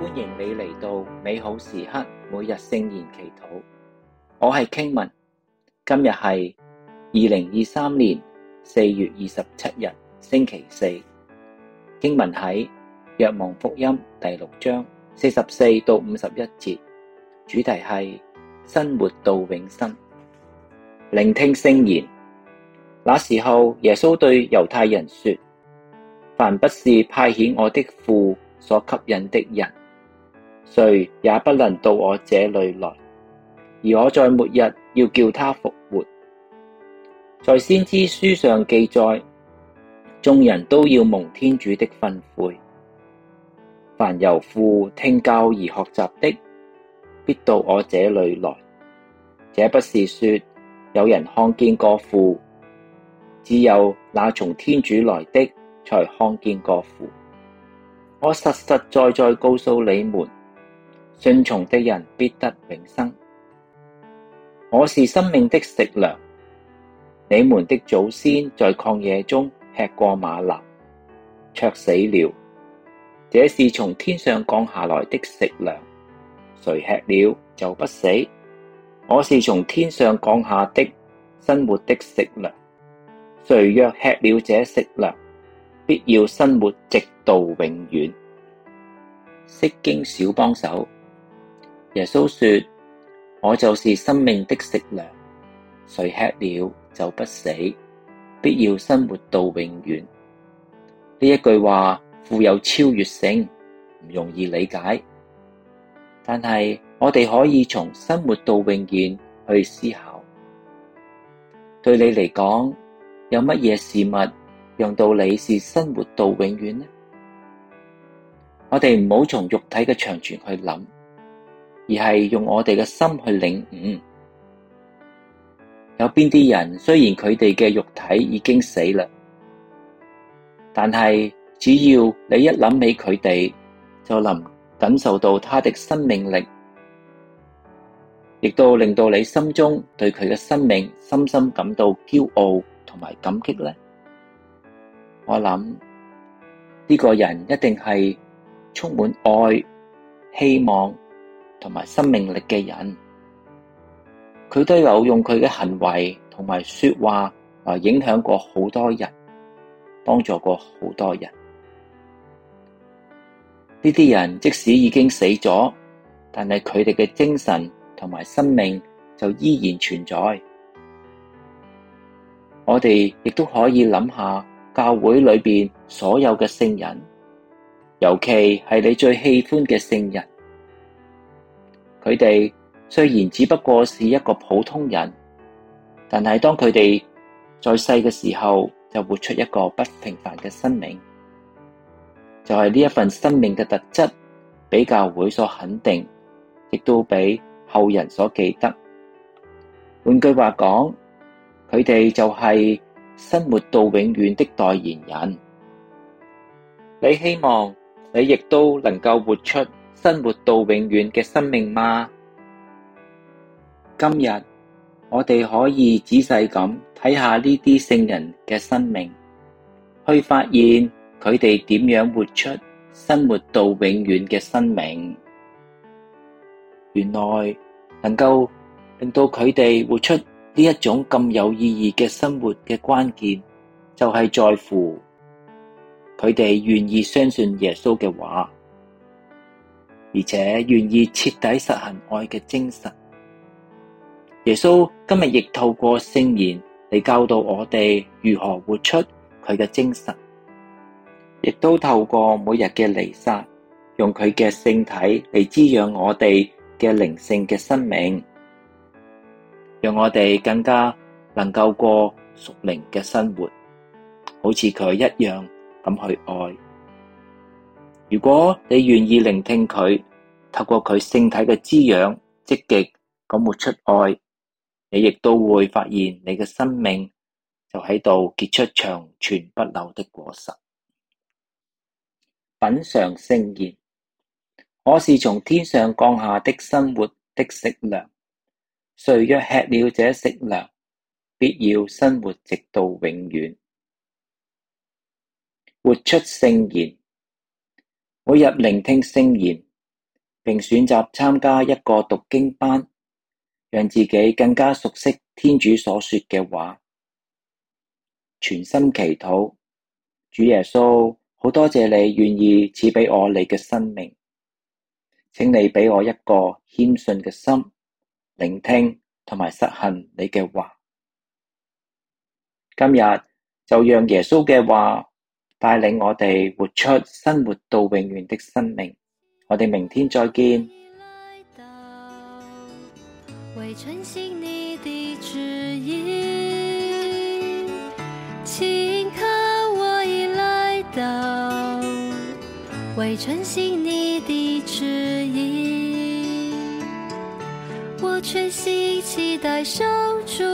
歡迎你嚟到美好時刻，每日聖言祈禱。我係傾文，今日係二零二三年四月二十七日，星期四。經文喺《若望福音》第六章四十四到五十一節，主題係生活到永生。聆聽聖言，那時候耶穌對猶太人說：凡不是派遣我的父所吸引的人。誰也不能到我這裏來，而我在末日要叫他復活。在先知書上記載，眾人都要蒙天主的訓誨。凡由父聽教而學習的，必到我這裏來。這不是說有人看見過父，只有那從天主來的才看見過父。我實實在在告訴你們。信從的人必得永生。我是生命的食糧，你們的祖先在曠野中吃過瑪納，卻死了。這是從天上降下來的食糧，誰吃了就不死。我是從天上降下的生活的食糧，誰若吃了這食糧，必要生活直到永遠。釋經小幫手。耶穌說：我就是生命的食糧，誰吃了就不死，必要生活到永遠。呢一句話富有超越性，唔容易理解。但係我哋可以從生活到永遠去思考。對你嚟講，有乜嘢事物讓到你是生活到永遠呢？我哋唔好從肉體嘅長存去諗。而係用我哋嘅心去領悟，有邊啲人雖然佢哋嘅肉體已經死啦，但係只要你一諗起佢哋，就能感受到他的生命力，亦都令到你心中對佢嘅生命深深感到驕傲同埋感激咧。我諗呢個人一定係充滿愛、希望。同埋生命力嘅人，佢都有用佢嘅行為同埋說話，啊影響過好多人，幫助過好多人。呢啲人即使已經死咗，但係佢哋嘅精神同埋生命就依然存在。我哋亦都可以諗下教會裏邊所有嘅聖人，尤其係你最喜歡嘅聖人。佢哋雖然只不過是一個普通人，但係當佢哋在世嘅時候，就活出一個不平凡嘅生命，就係、是、呢一份生命嘅特質，俾教會所肯定，亦都俾後人所記得。換句話講，佢哋就係生活到永遠的代言人。你希望你亦都能夠活出。生活到永遠嘅生命嗎？今日我哋可以仔細咁睇下呢啲聖人嘅生命，去發現佢哋點樣活出生活到永遠嘅生命。原來能夠令到佢哋活出呢一種咁有意義嘅生活嘅關鍵，就係在乎佢哋願意相信耶穌嘅話。而且願意徹底實行愛嘅精神。耶穌今日亦透過聖言嚟教導我哋如何活出佢嘅精神，亦都透過每日嘅彌撒，用佢嘅聖體嚟滋養我哋嘅靈性嘅生命，讓我哋更加能夠過屬靈嘅生活，好似佢一樣噉去愛。如果你願意聆聽佢，透過佢聖體嘅滋養，積極咁活出愛，你亦都會發現你嘅生命就喺度結出長存不朽的果實。品嚐聖言，我是從天上降下的生活的食糧，誰若吃了這食糧，必要生活直到永遠。活出聖言。每日聆聽聖言，並選擇參加一個讀經班，讓自己更加熟悉天主所說嘅話。全心祈禱，主耶穌，好多謝你願意賜畀我你嘅生命，請你畀我一個謙遜嘅心，聆聽同埋實行你嘅話。今日就讓耶穌嘅話帶領我哋活出生活到永遠的生命，我哋明天再見。為順從你的旨意，請看我已來到，為順從你的旨意，我全心期待守住。